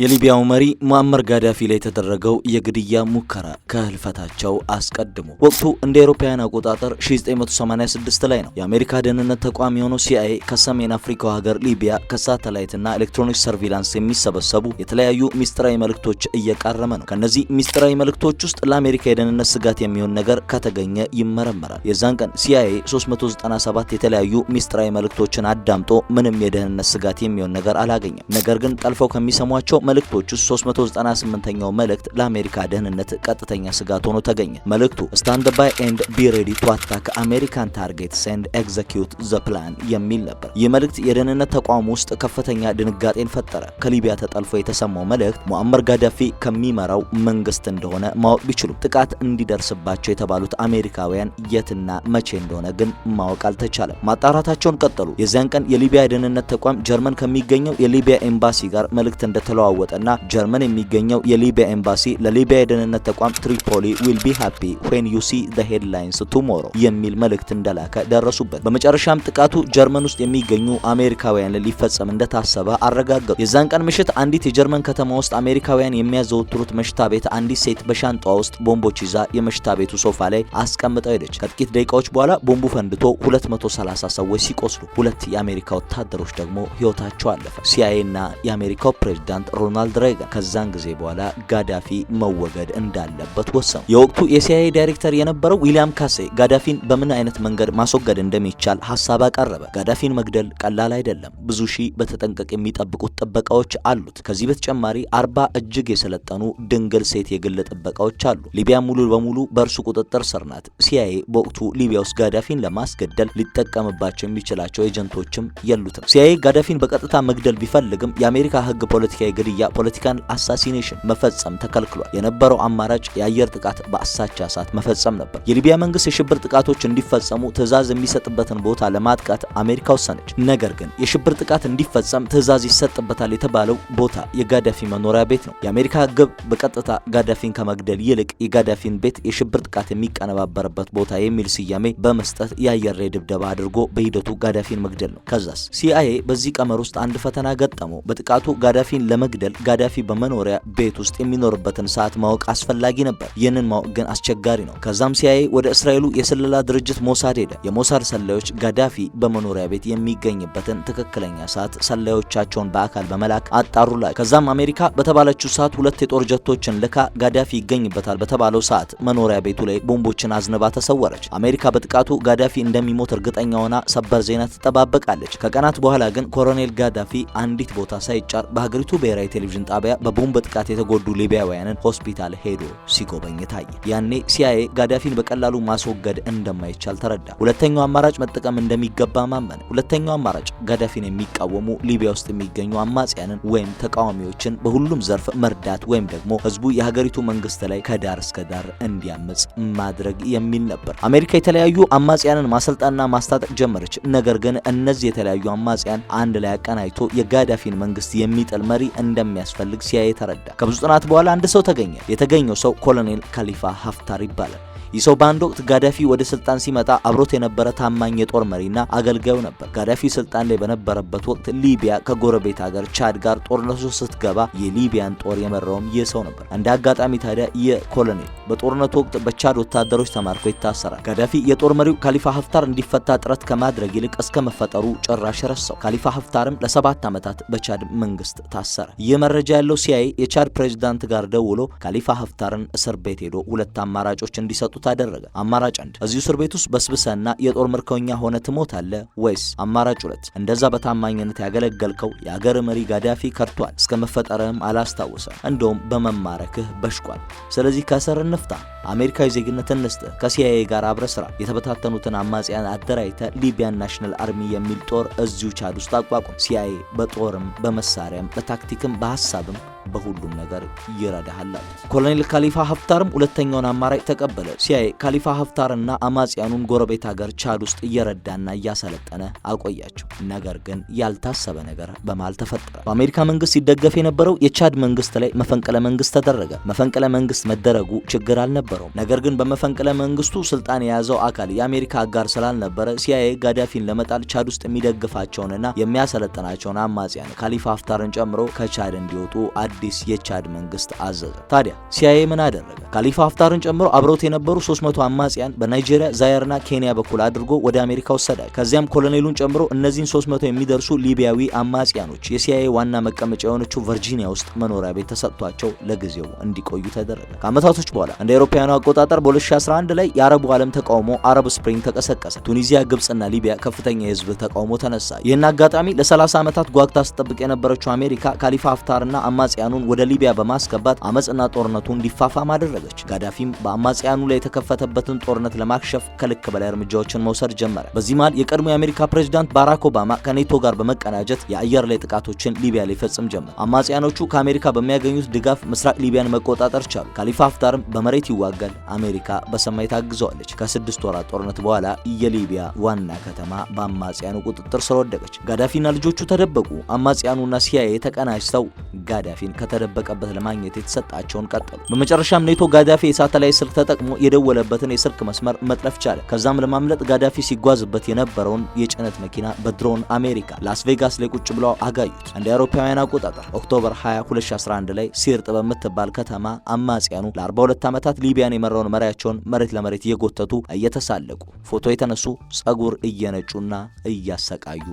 የሊቢያው መሪ ሙአመር ጋዳፊ ላይ የተደረገው የግድያ ሙከራ ከህልፈታቸው አስቀድሞ ወቅቱ እንደ አውሮፓውያን አቆጣጠር 1986 ላይ ነው። የአሜሪካ ደህንነት ተቋም የሆነው ሲአይኤ ከሰሜን አፍሪካው ሀገር ሊቢያ ከሳተላይትና ኤሌክትሮኒክስ ሰርቪላንስ የሚሰበሰቡ የተለያዩ ሚስጥራዊ መልእክቶች እየቃረመ ነው። ከእነዚህ ሚስጥራዊ መልእክቶች ውስጥ ለአሜሪካ የደህንነት ስጋት የሚሆን ነገር ከተገኘ ይመረመራል። የዛን ቀን ሲአይኤ 397 የተለያዩ ሚስጥራዊ መልእክቶችን አዳምጦ ምንም የደህንነት ስጋት የሚሆን ነገር አላገኘም። ነገር ግን ጠልፈው ከሚሰሟቸው መልእክቶች ውስጥ 398ኛው መልእክት ለአሜሪካ ደህንነት ቀጥተኛ ስጋት ሆኖ ተገኘ። መልእክቱ ስታንድ ባይ ኤንድ ቢ ሬዲ ቱ አታክ አሜሪካን ታርጌትስ ኤንድ ኤግዘኪዩት ዘ ፕላን የሚል ነበር። ይህ መልእክት የደህንነት ተቋም ውስጥ ከፍተኛ ድንጋጤን ፈጠረ። ከሊቢያ ተጠልፎ የተሰማው መልእክት ሙአመር ጋዳፊ ከሚመራው መንግስት እንደሆነ ማወቅ ቢችሉም ጥቃት እንዲደርስባቸው የተባሉት አሜሪካውያን የትና መቼ እንደሆነ ግን ማወቅ አልተቻለም። ማጣራታቸውን ቀጠሉ። የዚያን ቀን የሊቢያ የደህንነት ተቋም ጀርመን ከሚገኘው የሊቢያ ኤምባሲ ጋር መልእክት እንደተለዋ ተለዋወጠና ጀርመን የሚገኘው የሊቢያ ኤምባሲ ለሊቢያ የደህንነት ተቋም ትሪፖሊ ዊል ቢ ሃፒ ዌን ዩ ሲ ዘ ሄድላይንስ ቱሞሮ የሚል መልእክት እንደላከ ደረሱበት። በመጨረሻም ጥቃቱ ጀርመን ውስጥ የሚገኙ አሜሪካውያን ሊፈጸም እንደታሰበ አረጋገጡ። የዛን ቀን ምሽት አንዲት የጀርመን ከተማ ውስጥ አሜሪካውያን የሚያዘወትሩት መሽታ ቤት አንዲት ሴት በሻንጣዋ ውስጥ ቦምቦች ይዛ የመሽታ ቤቱ ሶፋ ላይ አስቀምጠው ሄደች። ከጥቂት ደቂቃዎች በኋላ ቦምቡ ፈንድቶ 230 ሰዎች ሲቆስሉ ሁለት የአሜሪካ ወታደሮች ደግሞ ሕይወታቸው አለፈ። ሲአይኤ እና የአሜሪካው ፕሬዝዳንት ሮናልድ ሬጋ ከዛን ጊዜ በኋላ ጋዳፊ መወገድ እንዳለበት ወሰኑ። የወቅቱ የሲአይኤ ዳይሬክተር የነበረው ዊሊያም ካሴ ጋዳፊን በምን አይነት መንገድ ማስወገድ እንደሚቻል ሀሳብ አቀረበ። ጋዳፊን መግደል ቀላል አይደለም፣ ብዙ ሺህ በተጠንቀቅ የሚጠብቁት ጥበቃዎች አሉት። ከዚህ በተጨማሪ አርባ እጅግ የሰለጠኑ ድንግል ሴት የግል ጥበቃዎች አሉ። ሊቢያ ሙሉ በሙሉ በእርሱ ቁጥጥር ስር ናት። ሲአይኤ በወቅቱ ሊቢያ ውስጥ ጋዳፊን ለማስገደል ሊጠቀምባቸው የሚችላቸው ኤጀንቶችም የሉትም። ሲአይኤ ጋዳፊን በቀጥታ መግደል ቢፈልግም የአሜሪካ ህግ ፖለቲካዊ ግድ ግድያ ፖለቲካል አሳሲኔሽን መፈጸም ተከልክሏል። የነበረው አማራጭ የአየር ጥቃት በአሳቻ ሰዓት መፈጸም ነበር። የሊቢያ መንግስት የሽብር ጥቃቶች እንዲፈጸሙ ትዕዛዝ የሚሰጥበትን ቦታ ለማጥቃት አሜሪካ ወሰነች። ነገር ግን የሽብር ጥቃት እንዲፈጸም ትዕዛዝ ይሰጥበታል የተባለው ቦታ የጋዳፊ መኖሪያ ቤት ነው። የአሜሪካ ግብ በቀጥታ ጋዳፊን ከመግደል ይልቅ የጋዳፊን ቤት የሽብር ጥቃት የሚቀነባበርበት ቦታ የሚል ስያሜ በመስጠት የአየር ላይ ድብደባ አድርጎ በሂደቱ ጋዳፊን መግደል ነው። ከዛስ ሲአይኤ በዚህ ቀመር ውስጥ አንድ ፈተና ገጠመው። በጥቃቱ ጋዳፊን ለመግደል ፊደል ጋዳፊ በመኖሪያ ቤት ውስጥ የሚኖርበትን ሰዓት ማወቅ አስፈላጊ ነበር። ይህንን ማወቅ ግን አስቸጋሪ ነው። ከዛም ሲያይ ወደ እስራኤሉ የስለላ ድርጅት ሞሳድ ሄደ። የሞሳድ ሰላዮች ጋዳፊ በመኖሪያ ቤት የሚገኝበትን ትክክለኛ ሰዓት ሰላዮቻቸውን በአካል በመላክ አጣሩላቸው። ከዛም አሜሪካ በተባለችው ሰዓት ሁለት የጦር ጀቶችን ልካ ጋዳፊ ይገኝበታል በተባለው ሰዓት መኖሪያ ቤቱ ላይ ቦምቦችን አዝንባ ተሰወረች። አሜሪካ በጥቃቱ ጋዳፊ እንደሚሞት እርግጠኛ ሆና ሰበር ዜና ትጠባበቃለች። ከቀናት በኋላ ግን ኮሎኔል ጋዳፊ አንዲት ቦታ ሳይጫር በሀገሪቱ ብሔራዊ ቴሌቪዥን ጣቢያ በቦምብ ጥቃት የተጎዱ ሊቢያውያንን ሆስፒታል ሄዶ ሲጎበኝ ታየ። ያኔ ሲአይኤ ጋዳፊን በቀላሉ ማስወገድ እንደማይቻል ተረዳ። ሁለተኛው አማራጭ መጠቀም እንደሚገባ ማመን። ሁለተኛው አማራጭ ጋዳፊን የሚቃወሙ ሊቢያ ውስጥ የሚገኙ አማጽያንን ወይም ተቃዋሚዎችን በሁሉም ዘርፍ መርዳት ወይም ደግሞ ህዝቡ የሀገሪቱ መንግስት ላይ ከዳር እስከ ዳር እንዲያመጽ ማድረግ የሚል ነበር። አሜሪካ የተለያዩ አማጽያንን ማሰልጠንና ማስታጠቅ ጀመረች። ነገር ግን እነዚህ የተለያዩ አማጽያን አንድ ላይ አቀናጅቶ የጋዳፊን መንግስት የሚጥል መሪ እንደ እንደሚያስፈልግ ሲያይ ተረዳ። ከብዙ ጥናት በኋላ አንድ ሰው ተገኘ። የተገኘው ሰው ኮሎኔል ካሊፋ ሀፍታር ይባላል። ይህ ሰው በአንድ ወቅት ጋዳፊ ወደ ስልጣን ሲመጣ አብሮት የነበረ ታማኝ የጦር መሪና አገልጋዩ ነበር። ጋዳፊ ስልጣን ላይ በነበረበት ወቅት ሊቢያ ከጎረቤት ሀገር ቻድ ጋር ጦርነቱ ስትገባ የሊቢያን ጦር የመራውም ይህ ሰው ነበር። እንደ አጋጣሚ ታዲያ የኮሎኔል በጦርነቱ ወቅት በቻድ ወታደሮች ተማርኮ ይታሰራል። ጋዳፊ የጦር መሪው ካሊፋ ሀፍታር እንዲፈታ ጥረት ከማድረግ ይልቅ እስከ መፈጠሩ ጭራሽ ረሳው። ካሊፋ ሀፍታርም ለሰባት ዓመታት በቻድ መንግስት ታሰረ። ይህ መረጃ ያለው ሲያይ የቻድ ፕሬዚዳንት ጋር ደውሎ ካሊፋ ሀፍታርን እስር ቤት ሄዶ ሁለት አማራጮች እንዲሰጡት እንዲሞት አደረገ። አማራጭ አንድ እዚሁ እስር ቤት ውስጥ በስብሰና የጦር ምርኮኛ ሆነ ትሞት አለ ወይስ አማራጭ ሁለት እንደዛ በታማኝነት ያገለገልከው የአገር መሪ ጋዳፊ ከርቷል፣ እስከ መፈጠረም አላስታወሰም፣ እንደውም በመማረክህ በሽቋል። ስለዚህ ከእስር እንፍታ፣ አሜሪካዊ ዜግነት እንስጥህ፣ ከሲአይኤ ጋር አብረ ስራ፣ የተበታተኑትን አማጽያን አደራጅተ ሊቢያን ናሽናል አርሚ የሚል ጦር እዚሁ ቻድ ውስጥ አቋቁም። ሲአይኤ በጦርም በመሳሪያም በታክቲክም በሀሳብም በሁሉም ነገር ይረዳሃል። ኮሎኔል ካሊፋ ሀፍታርም ሁለተኛውን አማራጭ ተቀበለ። ሲያይ ካሊፋ ሀፍታርና አማጽያኑን ጎረቤት ሀገር ቻድ ውስጥ እየረዳና እያሰለጠነ አቆያቸው። ነገር ግን ያልታሰበ ነገር በመሃል ተፈጠረ። በአሜሪካ መንግስት ሲደገፍ የነበረው የቻድ መንግስት ላይ መፈንቅለ መንግስት ተደረገ። መፈንቅለ መንግስት መደረጉ ችግር አልነበረውም። ነገር ግን በመፈንቅለ መንግስቱ ስልጣን የያዘው አካል የአሜሪካ አጋር ስላልነበረ ሲያይ ጋዳፊን ለመጣል ቻድ ውስጥ የሚደግፋቸውንና የሚያሰለጥናቸውን አማጽያን ካሊፋ ሀፍታርን ጨምሮ ከቻድ እንዲወጡ አዲስ የቻድ መንግስት አዘዘ። ታዲያ ሲአይኤ ምን አደረገ? ካሊፋ ሀፍታርን ጨምሮ አብረውት የነበሩ 300 አማጽያን በናይጄሪያ ዛየርና ኬንያ በኩል አድርጎ ወደ አሜሪካ ወሰዳቸው። ከዚያም ኮሎኔሉን ጨምሮ እነዚህን 300 የሚደርሱ ሊቢያዊ አማጽያኖች የሲአይኤ ዋና መቀመጫ የሆነችው ቨርጂኒያ ውስጥ መኖሪያ ቤት ተሰጥቷቸው ለጊዜው እንዲቆዩ ተደረገ። ከአመታቶች በኋላ እንደ አውሮፓውያኑ አቆጣጠር በ2011 ላይ የአረቡ ዓለም ተቃውሞ አረብ ስፕሪንግ ተቀሰቀሰ። ቱኒዚያ፣ ግብጽና ሊቢያ ከፍተኛ የህዝብ ተቃውሞ ተነሳ። ይህን አጋጣሚ ለ30 ዓመታት ጓግታ ስጠብቅ የነበረችው አሜሪካ ካሊፋ ሀፍታርና አማጽያ አማጽያኑን ወደ ሊቢያ በማስገባት አመፅና ጦርነቱ እንዲፋፋም አደረገች። ጋዳፊም በአማጽያኑ ላይ የተከፈተበትን ጦርነት ለማክሸፍ ከልክ በላይ እርምጃዎችን መውሰድ ጀመረ። በዚህ መሃል የቀድሞ የአሜሪካ ፕሬዚዳንት ባራክ ኦባማ ከኔቶ ጋር በመቀናጀት የአየር ላይ ጥቃቶችን ሊቢያ ላይ ፈጽም ጀመረ። አማጽያኖቹ ከአሜሪካ በሚያገኙት ድጋፍ ምስራቅ ሊቢያን መቆጣጠር ቻሉ። ካሊፋ ሀፍታርም በመሬት ይዋጋል፣ አሜሪካ በሰማይ ታግዘዋለች። ከስድስት ወራት ጦርነት በኋላ የሊቢያ ዋና ከተማ በአማጽያኑ ቁጥጥር ስር ወደቀች። ጋዳፊና ልጆቹ ተደበቁ። አማጽያኑና ሲአይኤ ተቀናጅተው ጋዳፊን ከተደበቀበት ለማግኘት የተሰጣቸውን ቀጠሉ። በመጨረሻም ኔቶ ጋዳፊ የሳተላይት ስልክ ተጠቅሞ የደወለበትን የስልክ መስመር መጥለፍ ቻለ። ከዛም ለማምለጥ ጋዳፊ ሲጓዝበት የነበረውን የጭነት መኪና በድሮን አሜሪካ ላስ ቬጋስ ላይ ቁጭ ብለው አጋዩት። እንደ አውሮፓውያን አቆጣጠር ኦክቶበር 20 2011 ላይ ሲርጥ በምትባል ከተማ አማጽያኑ ለ42 ዓመታት ሊቢያን የመራውን መሪያቸውን መሬት ለመሬት እየጎተቱ እየተሳለቁ ፎቶ የተነሱ ጸጉር እየነጩና እያሰቃዩ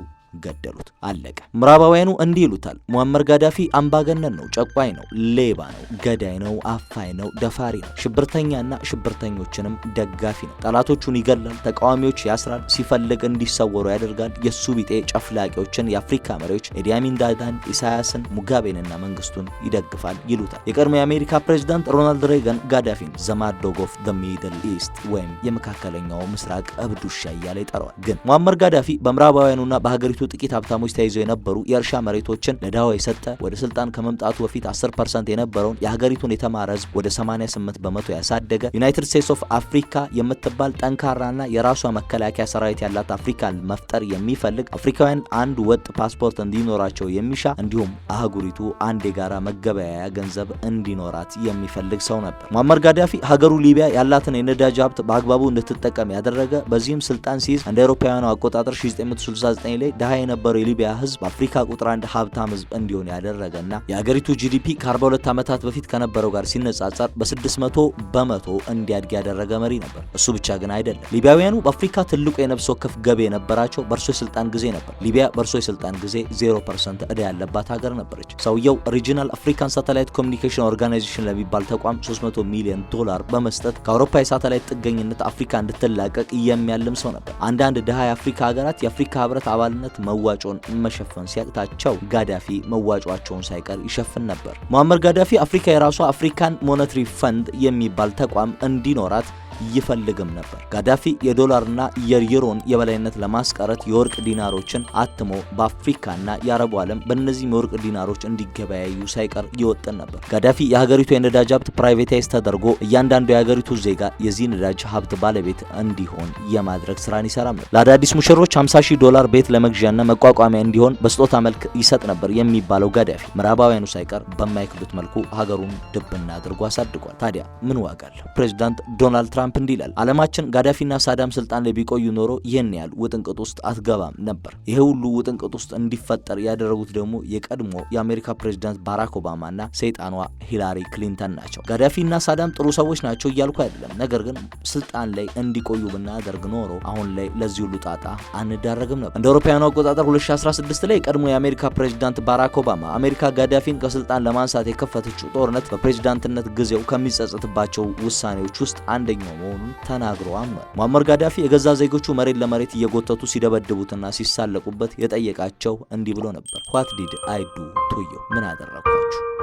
ገደሉት። አለቀ። ምዕራባውያኑ እንዲህ ይሉታል። ሙአመር ጋዳፊ አምባገነን ነው፣ ጨቋኝ ነው፣ ሌባ ነው፣ ገዳይ ነው፣ አፋይ ነው፣ ደፋሪ ነው፣ ሽብርተኛና ሽብርተኞችንም ደጋፊ ነው። ጠላቶቹን ይገላል፣ ተቃዋሚዎች ያስራል፣ ሲፈልግ እንዲሰወሩ ያደርጋል። የእሱ ቢጤ ጨፍላቂዎችን የአፍሪካ መሪዎች ኤዲያሚን ዳዳን፣ ኢሳያስን፣ ሙጋቤንና መንግስቱን ይደግፋል ይሉታል። የቀድሞ የአሜሪካ ፕሬዚዳንት ሮናልድ ሬገን ጋዳፊን ዘማዶግ ኦፍ ዘ ሚድል ኢስት ወይም የመካከለኛው ምስራቅ እብዱሻ እያለ ይጠራዋል። ግን ሙአመር ጋዳፊ በምዕራባውያኑና በሀገሪቱ በሀገሪቱ ጥቂት ሀብታሞች ተይዘው የነበሩ የእርሻ መሬቶችን ለድሃው የሰጠ ወደ ስልጣን ከመምጣቱ በፊት 10 ፐርሰንት የነበረውን የሀገሪቱን የተማረ ህዝብ ወደ 88 በመቶ ያሳደገ ዩናይትድ ስቴትስ ኦፍ አፍሪካ የምትባል ጠንካራና የራሷ መከላከያ ሰራዊት ያላት አፍሪካን መፍጠር የሚፈልግ አፍሪካውያን አንድ ወጥ ፓስፖርት እንዲኖራቸው የሚሻ እንዲሁም አህጉሪቱ አንድ የጋራ መገበያያ ገንዘብ እንዲኖራት የሚፈልግ ሰው ነበር። ሙአመር ጋዳፊ ሀገሩ ሊቢያ ያላትን የነዳጅ ሀብት በአግባቡ እንድትጠቀም ያደረገ በዚህም ስልጣን ሲይዝ እንደ አውሮፓውያኑ አቆጣጠር 1969 ላይ በ የነበረው የሊቢያ ህዝብ በአፍሪካ ቁጥር አንድ ሀብታም ህዝብ እንዲሆን ያደረገና የአገሪቱ ጂዲፒ ከ42 ዓመታት በፊት ከነበረው ጋር ሲነጻጸር በ600 በመቶ እንዲያድግ ያደረገ መሪ ነበር። እሱ ብቻ ግን አይደለም። ሊቢያውያኑ በአፍሪካ ትልቁ የነፍስ ወከፍ ገቢ የነበራቸው በእርሶ የስልጣን ጊዜ ነበር። ሊቢያ በእርሶ የስልጣን ጊዜ 0 ፐርሰንት እዳ ያለባት ሀገር ነበረች። ሰውየው ሪጂናል አፍሪካን ሳተላይት ኮሚኒኬሽን ኦርጋናይዜሽን ለሚባል ተቋም 300 ሚሊዮን ዶላር በመስጠት ከአውሮፓ የሳተላይት ጥገኝነት አፍሪካ እንድትላቀቅ የሚያልም ሰው ነበር። አንዳንድ ድሃ የአፍሪካ ሀገራት የአፍሪካ ህብረት አባልነት መዋጮን መሸፈን ሲያቅታቸው ጋዳፊ መዋጮቸውን ሳይቀር ይሸፍን ነበር። ሙአመር ጋዳፊ አፍሪካ የራሷ አፍሪካን ሞኔታሪ ፈንድ የሚባል ተቋም እንዲኖራት ይፈልግም ነበር። ጋዳፊ የዶላርና የዩሮን የበላይነት ለማስቀረት የወርቅ ዲናሮችን አትሞ በአፍሪካና የአረቡ ዓለም በእነዚህም የወርቅ ዲናሮች እንዲገበያዩ ሳይቀር ይወጥን ነበር። ጋዳፊ የሀገሪቱ የነዳጅ ሀብት ፕራይቬታይዝ ተደርጎ እያንዳንዱ የሀገሪቱ ዜጋ የዚህ ነዳጅ ሀብት ባለቤት እንዲሆን የማድረግ ስራን ይሰራም ነበር። ለአዳዲስ ሙሽሮች 50 ሺህ ዶላር ቤት ለመግዣና መቋቋሚያ እንዲሆን በስጦታ መልክ ይሰጥ ነበር የሚባለው ጋዳፊ ምዕራባውያኑ ሳይቀር በማይክዱት መልኩ ሀገሩን ድብና አድርጎ አሳድጓል። ታዲያ ምን ዋጋ ፕሬዝዳንት ፕሬዚዳንት ዶናልድ ትራምፕ ትራምፕ እንዲህ ይላል፣ አለማችን ጋዳፊና ሳዳም ስልጣን ላይ ቢቆዩ ኖሮ ይህን ያህል ውጥንቅጥ ውስጥ አትገባም ነበር። ይሄ ሁሉ ውጥንቅጥ ውስጥ እንዲፈጠር ያደረጉት ደግሞ የቀድሞ የአሜሪካ ፕሬዚዳንት ባራክ ኦባማና ሰይጣኗ ሂላሪ ክሊንተን ናቸው። ጋዳፊና ሳዳም ጥሩ ሰዎች ናቸው እያልኩ አይደለም። ነገር ግን ስልጣን ላይ እንዲቆዩ ብናደርግ ኖሮ አሁን ላይ ለዚህ ሁሉ ጣጣ አንዳረግም ነበር። እንደ አውሮፓውያኑ አቆጣጠር 2016 ላይ የቀድሞ የአሜሪካ ፕሬዚዳንት ባራክ ኦባማ አሜሪካ ጋዳፊን ከስልጣን ለማንሳት የከፈተችው ጦርነት በፕሬዚዳንትነት ጊዜው ከሚጸጸትባቸው ውሳኔዎች ውስጥ አንደኛው መሆኑን ተናግረዋል። ሙአመር ጋዳፊ የገዛ ዜጎቹ መሬት ለመሬት እየጎተቱ ሲደበድቡትና ሲሳለቁበት የጠየቃቸው እንዲህ ብሎ ነበር። ዋት ዲድ አይዱ ቱዩ ምን አደረግኳችሁ?